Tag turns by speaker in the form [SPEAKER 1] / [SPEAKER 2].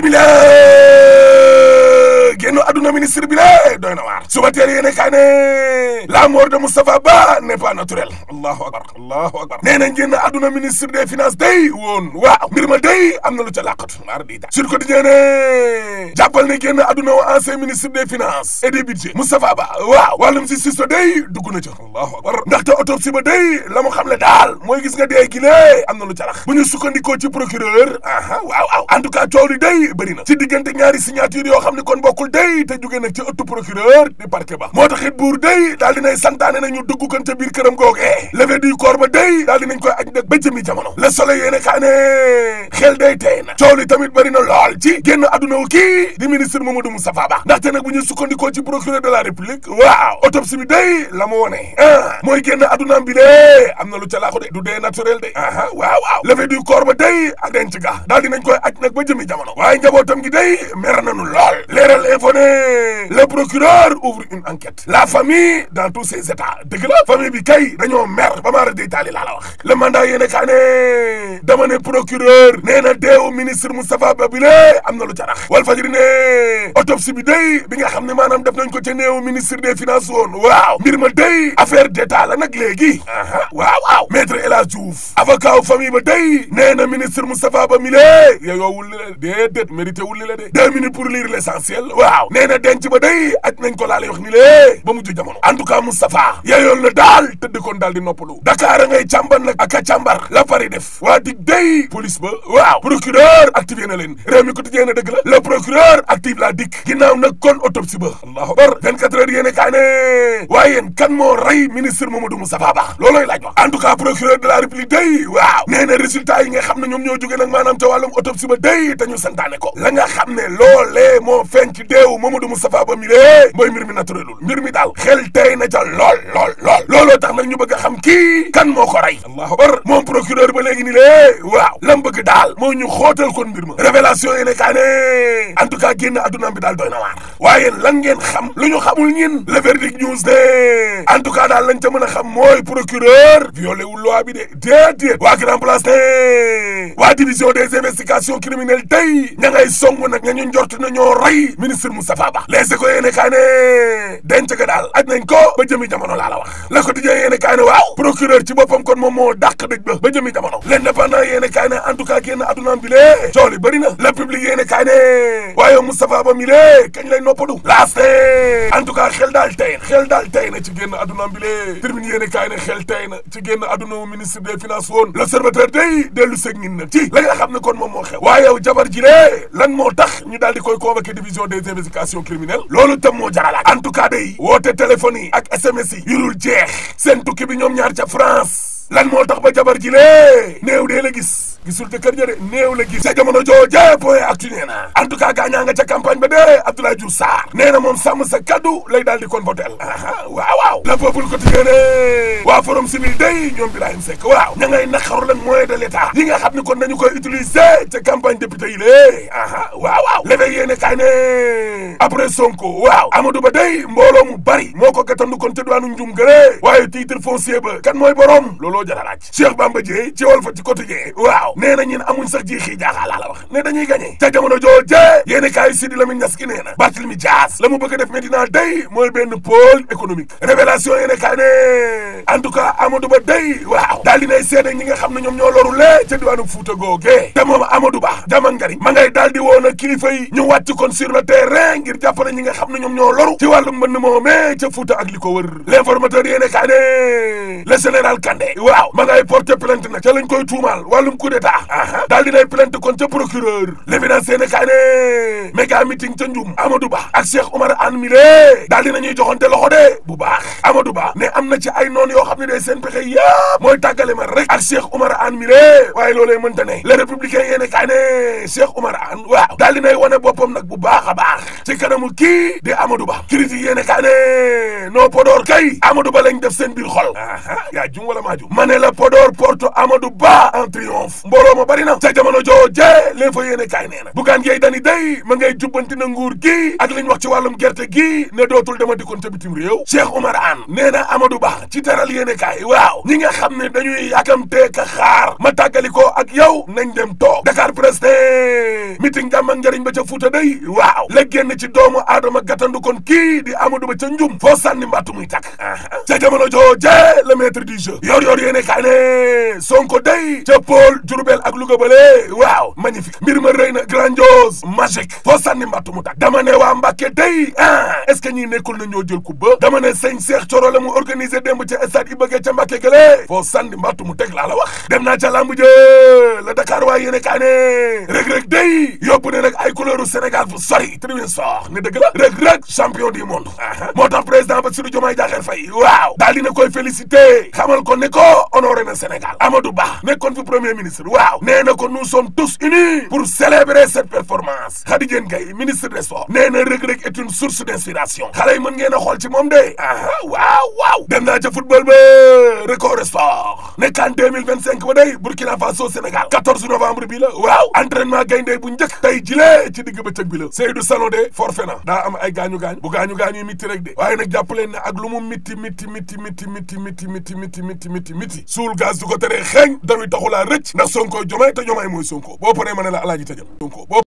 [SPEAKER 1] bismillah na ministre bi lé Ba n'est pas naturel allahu akbar allahu akbar nee na génn àdduna ministre des finances day woon waaw mbir ma day am na lu ca làqatu di da sur quotidien ne jàppal ne génn àdduna ministre des finances et des budgets Moustapha Ba waaw wàllum si sis ba day dugg na ca allahu akbar ba day la mu xam daal mooy gis nga dee gi lée am na lu ca lax bu ñu sukkandikoo ci procureur aha waaw waaw en tout cas coow li day bëri na ci diggante yoo xam ne kon bokkul day jógee nag ca ëttu procureur di parquet ba moo tax it buur day daal dinay santaane nañu dugg kon ca biir këram googee levée du corps ba day daal koy aj nag ba jëmi jamono le soleil yéene xel day tey na coow li tamit bëri na lool ci génn adduna wu kii di ministre Mamadou Moustapha Ba ndaxte nag bu ñu sukkandikoo ci procureur de la république waaw autopsie bi day la mu wone ah, mooy génn addunaam bi am na lu ca laaxu de du dee naturel de aha ah, waaw waaw levée du corps ba day le procureur ouvre une enquête la famille dans tous ses états dëgg la famille bi kay dañoo mer ba maara day laa la wax le mandat yéen a kaa ne dama ne procureur nee na deewu ministre Moustapha Babile am na lu carax wal fajri ne autopsie bi day bi nga xam ne maanaam def nañ ko ca néewu ministre des finances woon waaw mbir ma day affaire d'état la nag léegi waaw waaw maître El Hadj avocat famille ba day nee na ministre Moustapha Babile yoyoo wulli la déedéet mérité wulli la de deux minutes pour lire l'essentiel nee na denc ba day aj nañ ko laa lay wax ni lée ba mujj jamono en tout cas Moustapha na daal tëddkoon daal di noppalu Dakar a ngay càmbar nag ak a la Paris def waa dig day police ba waaw procureur activé na leen réew mi quotidien na dëgg la le procureur active la dik ginnaaw nag kon autopsie ba allahu akbar 24 heures yéene kaa kan moo rey ministre Mamadou Moustapha Ba loolooy laaj wax en tout cas de la République day waaw nee na résultat yi nga xam ne ñoom ñoo jógee nag Mamadou Moustapha Ba mi lée mooy mbir mi naturelul mbir mi daal xel tey na ca lool lool lool kii kan moo ko rey allahu akbar moom procureur ba léegi ni lée waaw lam bëgg daal moo ñu xóotal kon mbir ma révélation yi ne kaa ne en tout cas génn addunaam bi daal doy na waar waaye lan ngeen xam lu ñu xamul ñin le verdict news de en tout cas daal lañ ca mën a xam mooy procureur violé wul loi bi de déedéet waa grand place ne waa division des investigations criminelles tey ña ngay song nag ña ñu njort na ñoo rey ministre Moustapha Ba les écoles yéene kaa ne denc ga daal aj nañ ko ba jëmi laa la wax la ne waaw procureur ci boppam kon moom moo dàq dëj ba ba jëmi jamono l'indépendant yéene kaay ne en tout cas génn addunaam bi lee cool la public yéene kaay ne waaye Moustapha Ba mi lee kañ lay noppalu laaste en tout cas xel daal tey xel daal tey na ci génn addunaam bi lee tribune yéene kaay ne xel tey na ci génn adduna ministre des finances woon l'observateur day dellu sëg ngin na ci la nga xam ne kon moom moo xew waaye yow jabar ji lee lan moo tax ñu daal di koy convoqué division des investigations criminelles loolu tam moo jaralaat en tout cas day woote yi ak bi ñoom juróom-ñaar ca France lan moo tax ba jabar ji lée néew dee la gis gisul te kër ja de néew la gis ca jamono jooje point actu na en tout cas gaañaa nga ca campagne ba dee Abdoulaye Diouf Sarr nee na moom sàmm sa kaddu lay daal di kon votel waaw waaw la peuple quotidien ne waa forum civil day ñoom Birahim Seck waaw ña ngay naqaru lan moyen de l'état yi nga xam ni kon dañu ko utiliser ca campagne député yi lée aha waaw waaw leve yéene kaay ne après Sonko waaw Amadou Ba day mbooloo mu bari moo ko gàttandu kon ca duwaanu njum gëre waaye titre foncier ba kan mooy borom looloo jara laaj Cheikh Bamba Dièye ci Walf ci quotidien waaw nee na ñun amuñ sax jiixi jaaxaa laa la wax ne dañuy gagné ca jamono joojee yéeni kaay Sidi Lamine Niass ki nee na Barthélemy la mu bëgg def Medina day mooy benn pôle économique révélation yéene e ne en tout cas Amadou Ba day waaw daal dinay seede ñi nga xam ne ñoom ñoo lorule ca diwaanu Fuuta googee te moom Amadou Ba jamangari ma ngay daal di woon a kilifa yi ñu wàcc kon sur le terrain ngir jàppale ñi nga xam ne ñoom ñoo loru ci wàllu mbënn moomee ca Fuuta ak li ko wër l'informateur yéene kaay ne le général Kandé waaw ma ngay porter plainte nag ca lañ koy tuumaal wàllum coup d'état ah daal di nay plainte kon ca procureur l'évidence yéene kaay ne méga meeting ca njum Amadou Ba ak Cheikh Oumar Anne Milé daal di nañuy joxante loxo de bu baax Amadou Ba ne am na ci ay noon yoo xam ne day seen pexe yëpp ma rek ak Cheikh Oumar Anne Milé waaye loolee mënta ne le républicain yéene kaay ne Cheikh Oumar Anne waaw daal di nay wane boppam nag bu baax a baax ci kanamu kii di Amadou Ba critique yéene kaay ne noo Podor kay Amadou Ba lañ def seen biir xol yaa jum wala maa jum ma ne la Podor porte Amadou Ba en triomphe mbooloo ma bari na ca jamono jooje leen fa yéene kaay nee na bugaan ngay dani day ma ngay jubbanti na nguur gi ak li wax ci wàllum gerte gi ne dootul dama dikkoon ca bitim réew Cheikh Oumar Anne nee na Amadou Ba ci teral yéene kaay waaw ñi nga xam ne dañuy yàkkamtee a xaar ma tàggali ko ak yow nañ dem toog Dakar Presse meeting jàmm ak njëriñ ba ca Fuuta day waaw la génn ci doomu aadama gàttandu kon kii di Amadou Ba ca njum foo sànni mbàttu muy tàkk ca jamono jooje le maître du jeu yor yor yéene kaay ne Sonko Diourbel ak Louga bële waaw magnifique mbir ma rëy na grandiose magique foo sànni mbattu mu tàkk dama ne waa Mbàkke tey ah est-ce que ñii nekkul na ñoo jël coupe ba dama ne sëñ Cheikh Thioro la mu organiser démb ca stade Iba ca Mbàkke gële foo sànni mbattu mu teg la wax dem naa ca làmb jë la Dakar waaye yéene kaa ne rëg-rëg day yóbbu ne nag ay couleuru Sénégal fu sori tribune sox ne du monde moo tax président waaw daal koy féliciter xamal ko ne ko honoré na Sénégal Amadou Ba nekkoon waaw nee na ko nous sommes tous unis pour célébrer cette performance Khady Diène Gaye ministre des sports nee na Reug Reug une source d'inspiration xale yi mën ngeen a xool ci moom de aha waaw waaw dem naa ca football ba record sport nekk en 2025 ba day Burkina Faso Sénégal 14 novembre bi la waaw entraînement gayndey bu njëkk jilee ci digg bëccëg bi la Seydou Sano de forfait na daa am ay gaañu-gaañu bu gaañu-gaañu mitti rek de waaye nag jàpp leen ne ak lu mu mitti mitti mitti mitti mitti mitti mitti mitti mitti mitti suul gaz du ko Sonko Diomaye te Diomaye Sonko boo paree ma la alaaji tëjal Sonko